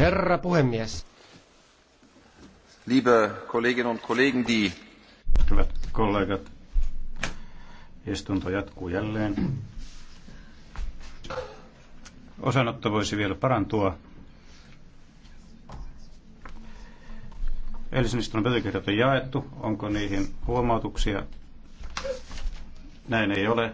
Herra puhemies. Liebe Kolleginnen und Kollegen, die... Hyvät kollegat, istunto jatkuu jälleen. Osanotto voisi vielä parantua. Eilisen istunnon pöytäkirjat on jaettu. Onko niihin huomautuksia? Näin ei ole.